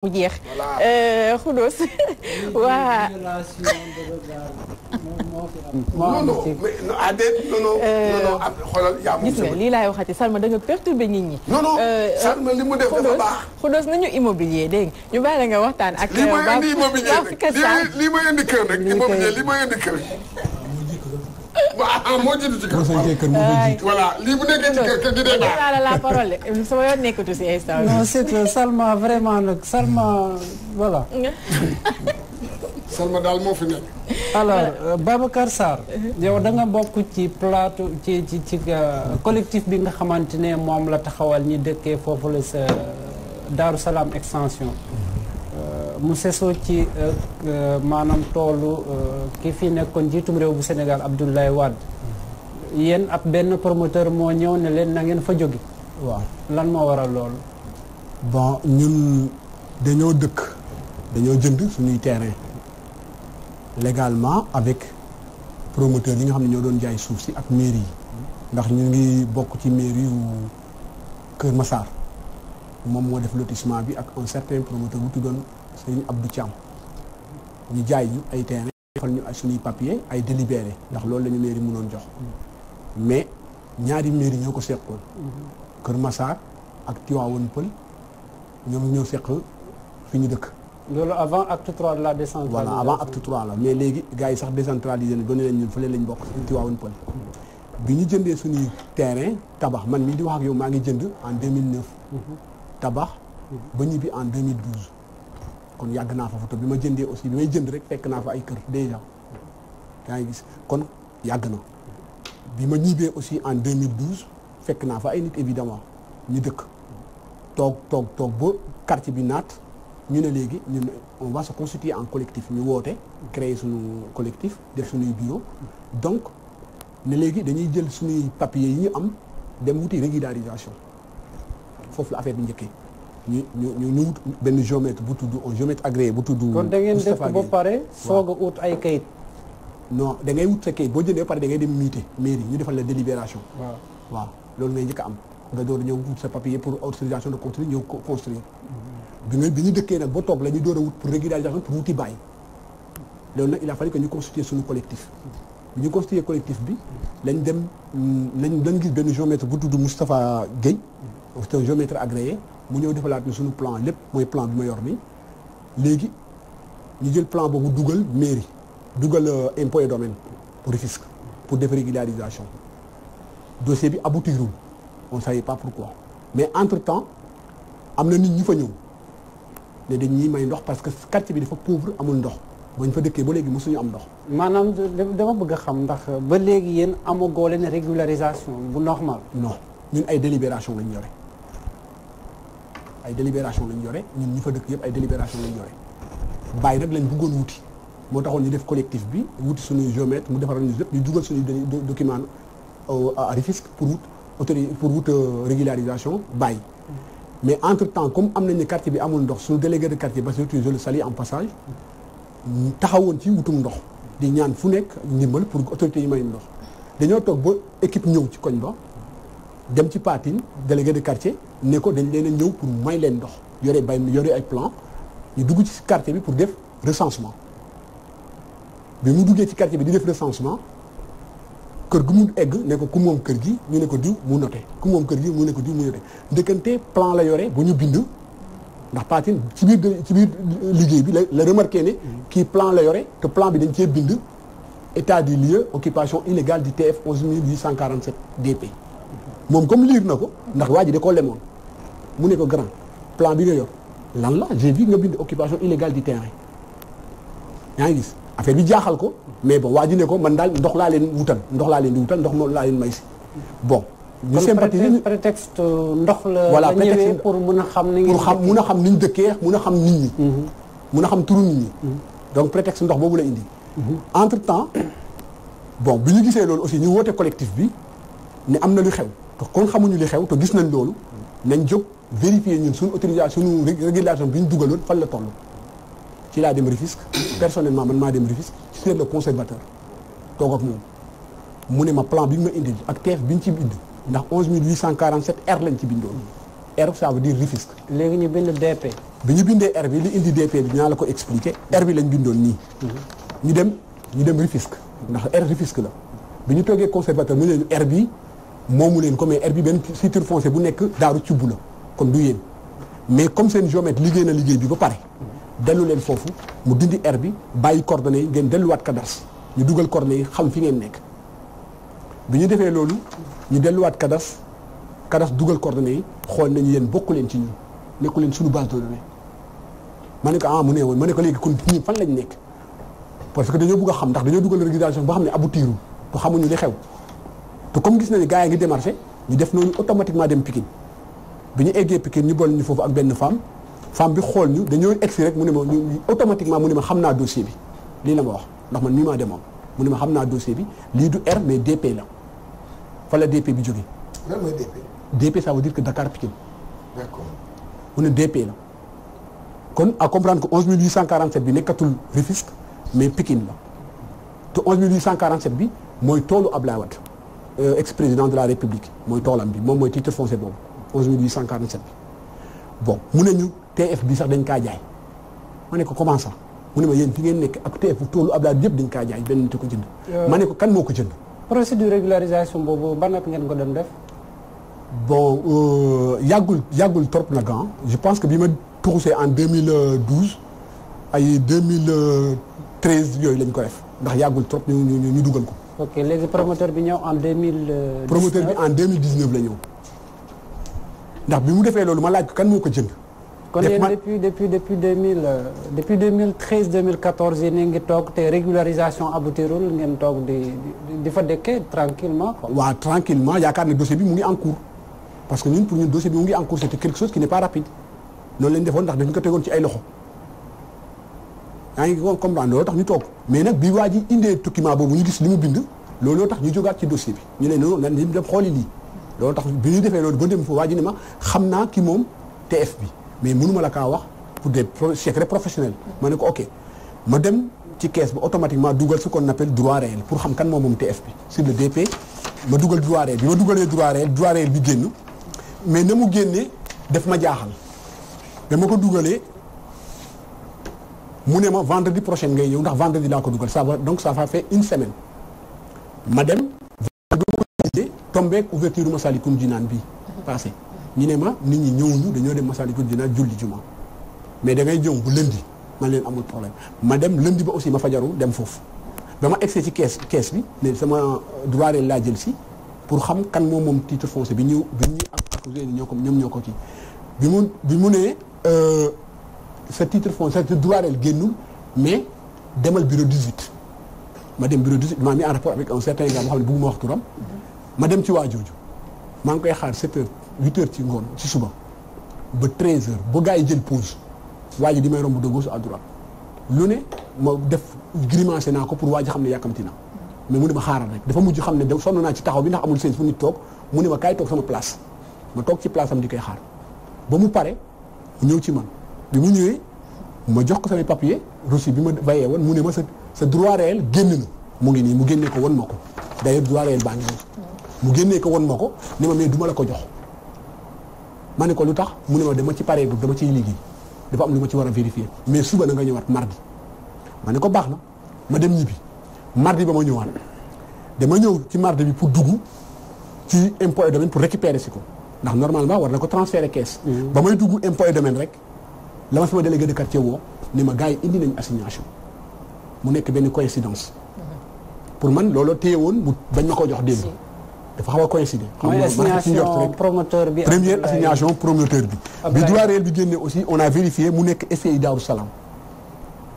mu jeex euh, Khoudous waa non non gis nga lii laay waxati Salma da nga perturbé nit ñi. non non euh, Salma li mu def dafa baax. Khoudous nañu immobilier dégg ñu bàyyi la waxtaan ak. lii euh, mooy indi immobilier rek lii mooy indi kër rek immobilier lii moo jiitu ci kër. mosay see kër moo koy jiitu. voilà lii bu nekkee ci kër kër gi day baax. waaw la la parole sama yoon nekkatu si instant non c'est Salma vraiment nag Salma voilà. Salma daal moo fi nekk. alors Babacar Sarr. yow da nga bokk ci plateau ci ci ci euh, collectif bi nga xamante ne moom la taxawal ñi dëkkee foofu la sa Daaru Salaam extension. mu sesoo ci euh, euh, maanaam toolu euh, ki fi nekkoon jiitum réew bu Sénégal Abdoulaye Wade yéen ab benn promoteur moo ñëw ne leen na ngeen fa jóge waaw lan moo waral loolu bon ñun dañoo dëkk dañoo jënd suñuy terrain légalement avec promoteur yi nga xam ne ñoo doon jaay suuf si ak mairie yi ndax ñu ngi bokk ci mairie yu Kër Massar moom moo def lotissement bi ak un certain promoteur bu tuddoon sëriñ Abdou Thiam ñu jaay ñu ay terrain defal ñu suñuy papier ay délibéré ndax loolu la ñu mairie mënoon jox mais ñaari mairie ñoo ko seqoon Kër Massar ak Tivaouane Pël ñoom ñoo seq fi ñu dëkk loolu avant acte 3 de la décentralisation voilà avant acte 3 la mais léegi gars yi sax décentralisé na ba ne leen ñun fële lañ bokk Tivaouane Pël bi ñu jëndee suñuy terrain tabax man mii di wax ak yow maa ngi jënd en 2009 mhm. tabax ba ñibbi en 2012 kon yàgg naa fa photo bi ma jëndee aussi bi may jënd rek fekk naa fa ay kër déjà yaa ngi gis kon yàgg na bi ma ñibbee aussi en 2012 fekk naa fa ay nit évidemment ñu dëkk toog toog toog ba quartier bi naat ñu ne léegi ñu on va se constituer en collectif ñu woote créer suñu collectif def suñuy bureau donc ne léegi dañuy jël suñuy papier yi ñu am dem wuti régularisation foofu la affaire bi njëkkee ñu ñu ñu wut benn géomètre bu tudd un géomètre agréé bu tudd. kon da ngeen def ba pare soog a ut ay kayit. non da ngay wut sa kayit boo jëndee ba pare da ngay dem miite mairie ñu defal la délibération. waaw waaw loolu ngay njëkk a am. nga door ñëw wut sa papier pour autorisation de construire ñëw construire. Mm-hmm. bi nga bi ñu dëkkee nag boo toog la ñu door a wut pour régularisation pour wuti bàyyi. loolu nag il a fallu que ñu constituer suñu collectif. Mm-hmm. bi ñu constituer collectif bi. lañ dem lañ mm, lañ gis benn géomètre bu tudd Moustapha Guèye. Mm-hmm. c'est un géomètre agréé. mu ñëw defalaat ñu suñu plan lépp mooy plan bi ma yor nii léegi ñu jël plan boobu dugal mairie dugal euh, impôt et domaine pour risque pour def régularisation dossier bi aboutirul on ne savait pas pourquoi mais entre temps am na nit ñu fa ñëw ne dañ may ndox parce que quartier bi dafa pauvre amul ndox bañ fa dëkkee ba léegi mosuñu am ndox. maanaam dama bëgg a xam ndax ba léegi yéen amagoo leen régularisation bu normal. non ñun ay délibération lañ yore. ay délibération lañ yore ñun ñu fa dëkk yëpp ay délibération lañ yore bàyyi nag lañ buggoon wuti moo taxoon ñu def collectif bi wuti suñuy géomètre mu defaral ñu lépp ñu dugal suñuy document euh, à Rufisque pour wut autori pour wut euh, régularisation bàyyi. mais entre temps comme am nañ ne quartier bi amul ndox suñu délégué de quartier Bassirou Tine je le salue en passage taxawoon ci wutum ndox. di ñaan fu nekk ndimbal pour autorités yi may ndox dañoo toog ba équipe ñëw ci koñ ba dem ci Patine délégué de quartier. ne ko dañ leen a ñëw pour may leen ndox yore bay yore ay plan ñu dugg ci quartier bi pour def recensement bi mu duggee ci quartier bi di def recensement kër gu mu egg nekko ko ku moom kër gi ñu ne ko diw mu noté ku moom kër gi mu ne ko diw mu noté ndëkkante plan la yore bu ñu bind ndax Patine ci biir ci biir liggéey bi la la remarqué ne kii plan la yore te plan bi dañ cee bind état des lieux occupation illégale du TF 11847 DP moom comme liir na ko ndax waa ji de koo lemoon mu ne ko grand plan bi nga yor lan la j'ai vu nga bind occupation illégale di terrain yaa ngi gis affaire bi jaaxal ko mais boo waa ji ne ko man daal ndox laa leen wutal ndox laa leen di wutal ndox moom laa may si bon. ñu sympathiser kon prétexte euh, ndox la. la ñëwee pour mun a xam ni pour xam mun a xam ni ñu dëkkee mun a xam nit ñi. Mm-hmm. mun a xam turu nit ñi. Mm-hmm. donc prétexte ndox boobu la indi. Mm-hmm. entre temps bon bu ñu gisee loolu aussi ñu woote collectif bi ni am na lu xew te kon xamuñu li xew te gis nañ loolu nañ jóg. vérifier ñun suñu autorisation suñu régulation bi ñu dugaloon fan la toll ci laa dem Rufisque personnellement man maa dem Rufisque seet le conservateur toog moom mu ne ma plan bi ñu ma indil ak teef bi ñu ci bind ndax 11847 R lañ ci bindoon R ça veut dire Rufisque. léegi ñu bind DP. bi ñu bindee R bi li indi DP bi ñaa la ko expliquer R bi lañ bindoon nii. Mhm. ñu dem ñu dem Rufisque ndax R Rufisque la bi ñu toogee conservateur mu ne leen R bi moomu leen ko mais R bi benn titre foncier bu nekk daaru cubb la. kon du yéen mais comme seen géomètre liggéey na liggéey bi ba pare dellu leen foofu mu dindi air bi bàyyi coordonnées yi ngeen delluwaat kadars ñu dugal coordonnées yi xam fi ngeen nekk bi ñu defee loolu ñu delluwaat kadars kadars dugal coordonnées yi xool nañu yéen bokku leen ci ñun nekku leen suñu base de données ma ne ko ah mu ne woon ma ne ko léegi kon ñun fan lañ nekk parce que dañoo bëgg a xam ndax dañoo dugal régulation boo xam ne aboutirul te xamuñu li xew te comme gis nañu gars yi ngi démarché ñu def noonu automatiquement dem Pikine bi ñu eggee Pikine ñu boole ñu foofu ak benn femme femme bi xool ñu dañoo egsi rek mu ne ma ñu automatiquement mu ne ma xam naa dossier bi lii la ma wax ndax man mii maa demoon mu ne ma xam naa dossier bi lii du R mais DP la fa la DP bi jógee. lan mooy DP. DP ça veut dire que Dakar Pikine. d'accord mu ne DP la. kon à comprendre que 11847 bi nekkatul Rufisque mais Pikine la te 11847 bi mooy toolu Ablaye Wade euh, ex président de la République mooy toolam bi moom mooy titre foncier boobu. onze mille huit cent bon mu ne ñu TF bi sax dañ kaa jaay ma ne ko mu ne ma yéen fi ngeen nekk ak TF toolu yëpp dañ kaa jaay benn nit ko jënd. Euh, ne ko kan moo ko jënd. procédure régularisation boobu ban at ngeen ko doon def. bon euh, yàggul yàggul trop nag ah. je pense que bi ma tuxusee en 2012 ay 2013 yooyu lañ ko def ndax yàggul trop ñu ñu ñu dugal ko. ok léegi promoteur bi ñëw en 2019 promoteur bi en la ñëw. ndax bi mu defee loolu ma laaj ko kan moo ko jënd. kon yéen depuis depuis depuis deux mille euh, depuis deux mille ngi toog te régularisation aboutirul ngeen toog di di fa dëkkee tranquillement quoi. waaw tranquillement yaakaar ne dossier bi mu ngi en cours parce que ñun pour ñun dossier bi mu ngi en cours c'était quelque chose qui n'est pas rapide loolu lañ defoon ndax dañ ko tegoon ci ay loxo. yaa ngi ko comprendre loolu tax ñu toog mais nag bi waa ji indee document boobu ñu gis li mu bind looloo tax ñu jógaat ci dossier ñu ne non nan dem xooli loolu tax bi ñu defee loolu ba dem fa waa ji ni ma xam naa ki moom TF bi mais mënuma la kaa wax pour des secrets professionnels ma ne ko ok ma dem ci kees bi automatiquement dugal ce qu'on appelle droit réel pour xam kan moom moom TF bi sur le DP ma dugal droit réel bi ma dugalee droit réel droit réel bi génn mais ne mu génnee def ma jaaxal dama ko dugalee mu ne ma vendredi prochain ngay ñëw ndax vendredi laa ko dugal ça va donc ça va faire une semaine ma dem tombeek ouverture Massalikul Jinaan bi passé ñu ne ma nit ñi ñëwuñu dañoo dem Massalikul Jinaan julli juma mais da ngay jëm bu lëndi man leen amul problème ma dem lëndi ba aussi ma fajaru dem foofu ba ma ci kees kees bi ne sama droit laa jël si pour xam kan moom moom titre foncier bi ñu bi ñu accusé ñoo ko ñoom ñoo ko ci bi mu bi mu nee euh, sa titre foncier sa droit génnul mais demal bureau 18 ma dem bureau 18 maa mi en rapport avec un certain gars boo xam ne bëgguma wax turam ma dem ci waa jooju maa ngi koy xaar 7 heures ci ngoon ci suba ba 13 heures ba gaa yi jël pause waa di may romb de gauche à droite lu ne ma def grimacé naa ko pour waa ji xam ne yàkkamti na mais mu ne ma xaaral rek dafa mujj xam ne de sonn naa ci taxaw bi ndax amul seen fu nit mu ne ma kaay toog sama place ma toog ci place am di koy xaar ba mu pare mu ñëw ci man bi mu ñëwee ma jox ko samay papier reçu bi ma vayee woon mu ne ma sa sa droit réel génn na mu ngi nii mu génnee ko woon ma ko d'ailleurs droit réel baa ngi nii mu génnee ko won ma ko ne ma mais du ma la ko jox ma ne ko lu tax mu ne ma dama ci pare bu dama ciy liggéey dafa am lu ma ci war a vérifier mais suba na nga ñëwaat mardi ma ne ko baax na ma dem ñibbi mardi ba ma ñëwaat dama ñëw ci mardi bi pour dugg ci impôt et pour récupérer si ko ndax normalement war na ko transférer caisse. Mm-hmm. ba may duggu impôt et domaine rek la ma sama délégué de quartier woo ne ma gars yi indi nañ assignation mu nekk benn coïncidence mm-hmm. pour man loolu téye woon mu bañ ma ko jox démb. dafa xaw a coïncider. mooy assignation promoteur bi première assignation promoteur bi. bi droit réel bi génne aussi on a vérifié mu nekk SCI Daaru Salaam.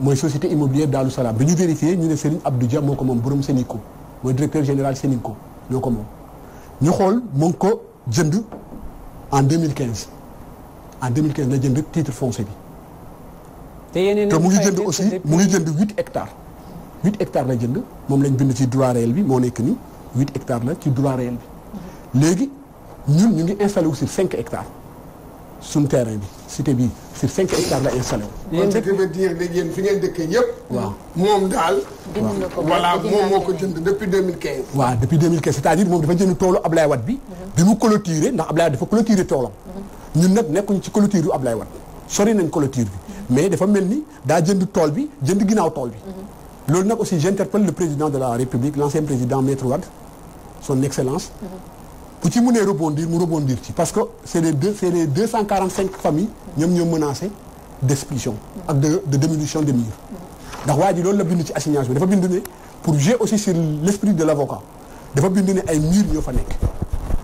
mooy société immobilière Daaru Salaam bi ñu vérifié ñu ne Serigne Abdou Dia moo ko moom borom Sénico mooy directeur général Sénico ñoo ko moom. ñu xool mu ngi ko jënd en 2015 en 2015 la jënd titre foncier bi. te yeneen mu ngi jënd aussi mu ngi jënd huit hectares. huit hectares la jënd moom lañ bind ci droit réel bi moo nekk nii. huit hectares la ci droit réel bi léegi ñun ñu ngi installé wu sur cinq hectares suñu terrain bi cité bi sur cinq hectares la installé wu. yéen dëkk veut dire ne yéen fi ngeen dëkkee yëpp. waaw moom daal. dindi ko voilà moom moo ko jënd depuis 2015. waaw depuis 2015 c'est-à-dire moom dafa jënd toolu Ablaye Wade bi. Mhm. bi mu clôturé ndax Ablaye Wade dafa clôturé toolam. Mhm. ñun nag nekkuñu ci clôture yu lay Wade sori nañ clôture bi mhm. mais dafa mel ni daa jënd tool bi jënd ginnaaw tool bi. loolu nag aussi j'interpelle le président de la République l'ancien président Maître son excellence bu ci mënee rebondir mu rebondir ci parce que c'est les deux c'est les deux cent ñoom ñoo menacé ak de de diminution ndax waa ji loolu la bind ci assignation dafa bind ne pour jouer aussi sur l'esprit de l'avocat dafa bind ne ay murs ñoo fa nekk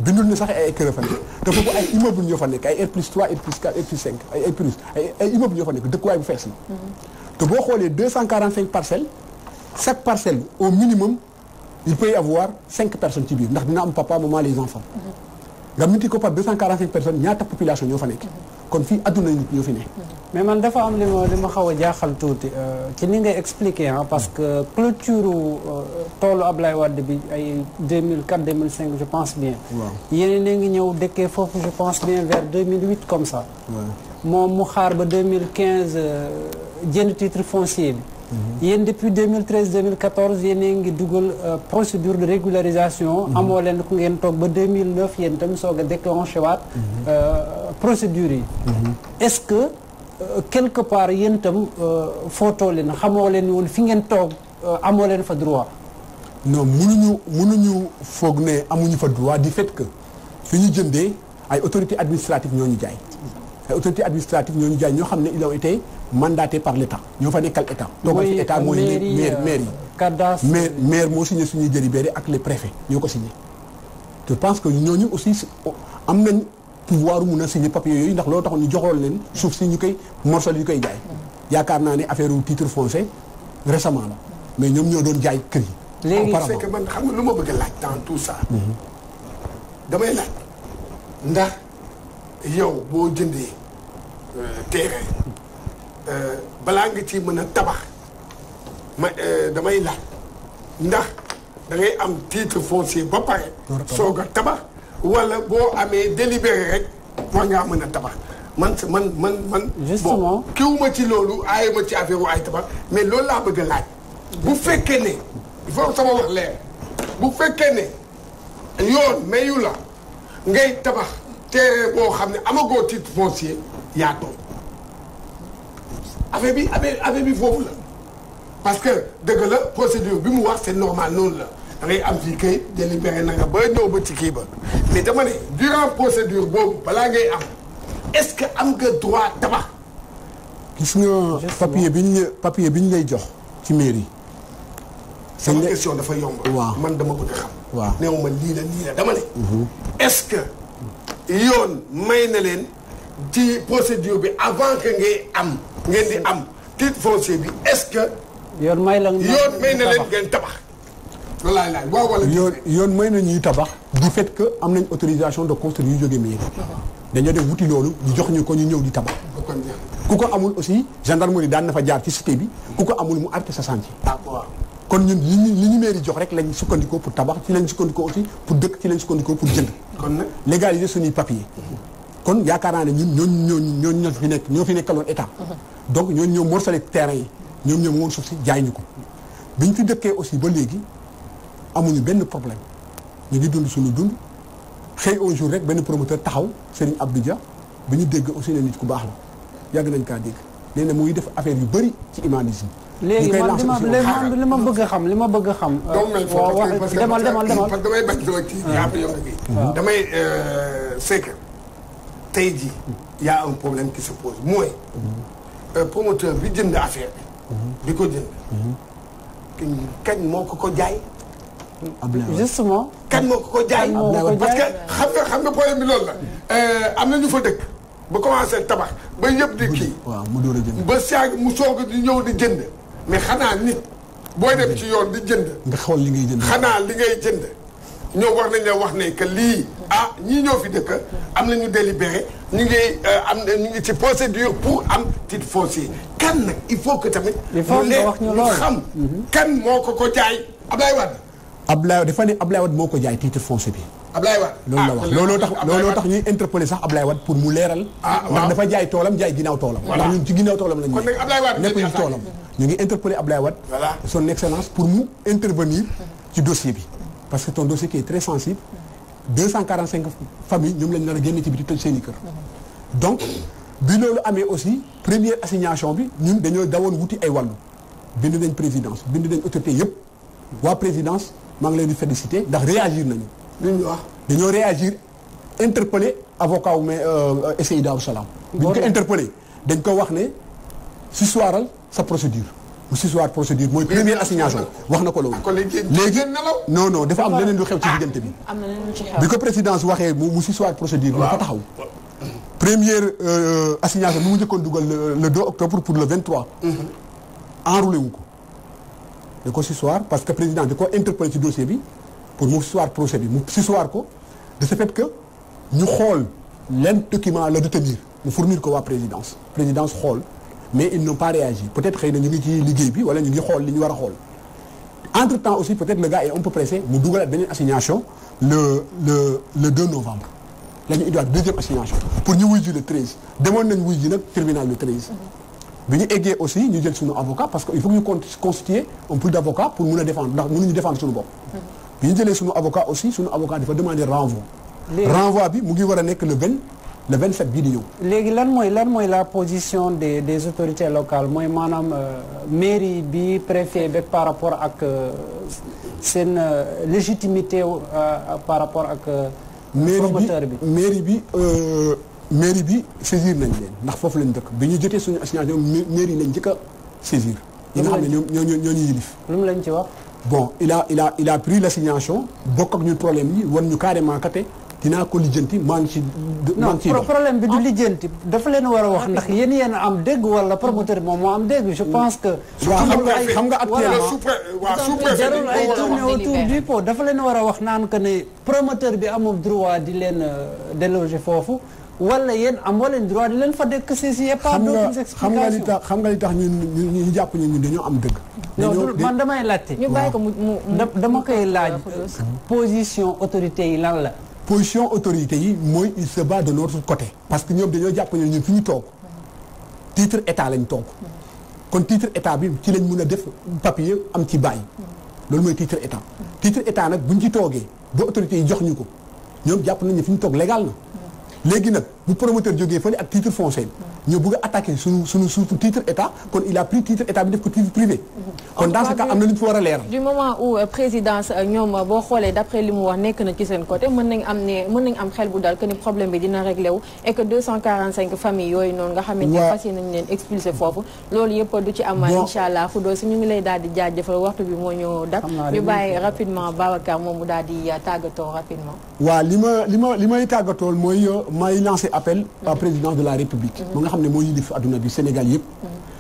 bindul ne sax ay kër fa nekk te foofu ay immeuble ñoo fa nekk ay R plus 3 R plus 4 R plus 5 ay ay plus ay immeuble ñoo fa chaque parcelle au minimum il peut y avoir cinq personnes ci biir ndax dina am papa maman les enfants. nga multiplié ko par 245 personnes ñaata population ñoo fa nekk. kon fii adduna nit ñoo fi ne. mais man dafa am li ma li ma xaw a jaaxal tuuti euh, ci ni ngay expliqué ah parce que clôture euh, toolu Ablaye Wade bi ay 2004 2005 je pense bien. waaw yeneen a ngi ñëw dëkkee foofu je pense bien vers 2008 comme ça. moom mu xaar ba 2015 euh, jënd titre foncier bi. yéen depuis 2013 2014 yéen ngi dugal euh, procédure de régularisation. Mhm. amoo leen ku ngeen toog ba 2009 yéen itam soog a déclenché waat. Mhm. Euh, procédure yi. Mhm. est-ce que euh, quelque part yéen foo footoo leen xamoo leen woon fi ngeen toog amoo leen fa droit. non mënuñu mënuñu foog ne amuñu fa droit du fait que fi ñu jëndee ay autorités administratives ñoo ñu jaay. ay autorités administratives ñoo ñu jaay ñoo xam ne ils ont mandaté par l' état ñoo fa nekkal état. toogal fi état mooy maire euh, maire yi. cadastre maire maire moo signé suñuy délibéré ak les préfets ñoo ko signé. je pense que ñooñu aussi am nañ pouvoir mun a signé papier yooyu ndax loo taxoon ñu joxoon leen suuf si ñu koy morcel ñu koy jaay. yaakaar naa ne affaire wu titre foncier récemment la mais ñoom ñoo doon jaay kër yi. léegi c'est que man xam nga lu ma bëgg a laaj dans tout ça. Mhm. damay laaj. ndax yow boo jëndee euh, terrain. Euh, balaa nga ci mën a tabax ma euh, damay la ndax da am titre foncier ba pare soog tabax walla boo amee délibéré rek war ngaa mën a tabax man man man man justement kiwuma ci loolu aaye ma ci affaire wu ay tabax mais loolu laa bëgg laaj bu fekkee ne il faut sama wax leer bu fekkee ne yoon mayu la ngay tabax terrain boo xam ne amagoo titre foncier yaa toog affaire bi affaire bi foofu la parce que dëgg la procédure bi mu wax c'est normal noonu la da am fii kay délibéré na nga ba ñëw ba ci kii ba mais dama ne durant procédure boobu balaa ngay am est-ce que am nga droit tabax. gis nga papier bi ñu papier bi ñu lay jox ci mairie. sama question dafa yomb. waaw man dama bëgg xam. waaw néew ma lii la lii la dama ne. Mhm. est-ce que yoon may na leen. ci procédure bi avant que ngay am ngeen di am titre foncier bi est-ce que. yoon may la yoon na leen ngeen tabax. walaay laay waaw wala. yoon yoon may na ñuy tabax. du fait que am nañ autorisation de construire yu jógee mairie. dañoo def wuti loolu ñu jox ñu ko ñu ñëw di tabax. ku ko amul aussi gendarmerie daan na fa jaar ci cité bi ku ko amul mu arrêté sa chantier. kon ñun li ñu li ñu mairie jox rek lañ sukkandikoo pour tabax ci lañ sukkandikoo aussi pour dëkk ci lañ sukkandikoo pour jënd. kon nag légaliser suñuy papier. kon yaakaar naa ne ñun ñoo ñooñu ñooñu ñoo fi nekk ñoo fi nekkaloon état. donc ñoo ñoo morcelé terrain yi ñoom ñoom woon suuf si jaay ñu ko bi ñu fi dëkkee aussi ba léegi amuñu benn problème ñu ngi dund suñu dund xëy un jour rek benn promoteur taxaw Serigne Abdou Dia bi ñu dégg aussi ne nit ku baax la yàgg nañ kaa dégg nee na muy def affaire yu bëri ci humanisme léegi man li ma li ma bëgg a xam li ma bëgg a xam. Euh, waaw waaw demal demal demal damay bañ damay euh, sekk. tey jii yaa a un problème qui se pose mooy euh, promoteur bi jënd affaire bi bi ko jënd kañ moo ko ko jaay justement kañ moo ko ko jaay parce que xam nga xam nga problème bi loolu la euh, am na ñu fa dëkk ba commencé tabax ba yëpp di kii ba saag mu soog di ñëw di jënd mais xanaa nit booy dem ci yoon di jënd nga xool li ngay jënd xanaa li ngay jënd ñoo war nañ wax ne que lii ah ñii ñoo fi dëkk am nañu délibéré ñu ngi euh, am ñu ngi ci procédure pour am titre foncier kan nag il faut que tamit. il wax ñu xam. Mhm. moo ko ko jaay Ablaye Wade. Ablaye dafa ne Ablaye Wade moo ko jaay titre foncier bi. Ablaye Wade ah, tax looloo tax ñuy interpeller pour mu leeral. Ah, ndax dafa jaay toolam jaay ginnaaw toolam. ndax ñun ci ginnaaw toolam lañ ñu. kon nag Ablaye Wade nekkul ci toolam. ñu ngi interpeller Ablaye Wade. son excellence pour mu intervenir ci dossier bi. parce que ton dossier qui est très sensible 245 familles ñoom lañ nar a génn ci biti tëj seen i kër donc bi loolu amee aussi première assignation bi ñun dañoo dawoon wuti ay wàllu bind nañ présidence bind nañ autorité yëpp waa présidence maa ngi leen di féliciter ndax réagir nañu luñ ñu wax dañoo réagir interpellé avocat wu mais euh, SAIDA Daaru Salaam bi ñu ko interpellé dañ ko wax ne si soiral sa procédure bu sisuwaat procédure mooy première assignation wax na ko la woon léegi non non dafa am leneen lu xew ci ah, diggante bi bi ko présidence waxee mu sisuwaat procédure bi dafa taxaw première euh, assignation bi mu njëkkoon dugal le 2 octobre pour le 23 mm-hmm. enroulé wu ko da ko sisuwaar parce que président de ko interpellé ci dossier bi pour mu sisuwaar procès bi mu sisuwaar ko de ce fait que ñu xool len document la retenir mu fournir ko waa présidence présidence xool mais ils n'ont pas réagi peut-être xëy na ñu ngi ci liggéey bi wala ñu ngi xool li ñu war a xool entre temps aussi peut-être le gars est un peu pressé mu dugalaat beneen assignation le le le 2 novembre la ñu deuxième assignation pour ñu wuy ji le 13 demoon nañ wuy ji nag tribunal le 13. Mm-hmm. bi ñu eggee aussi ñu jël suñu avocat parce que il faut que ñu constituer un pool d'avocats pour mun a défendre ndax mënuñu défendre suñu bopp. Mm-hmm. bi ñu jëlee suñu aussi suñu avocat dafa demander renvoi. renvoi bi mu ngi war a nekk le 20. le 27 bii di ñëw. léegi lan mooy lan mooy la position des des autorités locales mooy maanaam euh, mairie bi préfet beeg par rapport ak euh, seen euh, légitimité par rapport ak. promoteur bi mairie bi mairie bi mairie bi saisir nañ leen ndax foofu lañ dëkk bi ñu jotee suñu assignation mairie lañ njëkk a yi ñi nga xam ne ñoo ñoo ñoo ñu yilif. lu mu lañ ci wax. bon il a il a il a pris l'assignation bokk ak ñu problème yi wan ñu carrément kate. dinaa ko lijjanti maa ngi ci. maa ngi ciy dox problème bi du ah. lijjanti dafa leen war a wax ah, ndax yéen yéen am dégg wala promoteur moom moo am dégg je pense que. waaw xam nga xam nga actuellement waaw sous préfet jarul ay tourné autour du pot dafa leen war a wax naan que ne promoteur bi amul droit di leen euh, déloger foofu. wala yéen amoo leen droit di leen fa dëkk si si pas d'autres explications xam nga li tax xam nga li tax ñun ñu jàpp ne ñun dañoo am dëgg. non man damay laajte. ñu bàyyi ko mu dama koy laaj. position autorité yi lan la. position autorité yi mooy il se bat de notre côté parce que ñoom dañoo jàpp ne ñun fi ñu toog titre état lañ toog kon titre état bi ci lañ mun a def papier am ci bàyyi loolu mooy titre état titre état nag buñ ci toogee ba autorité yi jox ñu ko ñoom jàpp nañ ne fi ñu toog légal na léegi nag bu promoteur jógee fële ak titre foncier ñoo bëgg a attaqué suñu suñu suñu titre état kon il a pris titre état bi def ko titre privé. kon dans ce am na lu fi war a leeral. du moment où euh, présidence euh, ñoom euh, boo xoolee d' li mu wax nekk na ci seen côté mën nañ am ne mën nañ am xel bu dal que ni problème bi dina réglé wu et que cinq familles yooyu noonu nga xamante ne fas yéene nañ leen expulsé foofu loolu yëpp du ci amaat incha allah xudoo si ñu ngi lay daal di jaajëfal waxtu bi moo ñëw dab ñu bàyyi rapidement Babacar moom mu di tàggatoo rapidement waaw li ma li ma li may tàggatool mooy euh, may lancer appel à présidence de la république. mu mm-hmm. nga xam ne moo yilif adduna bi Sénégal yëpp. Mm-hmm.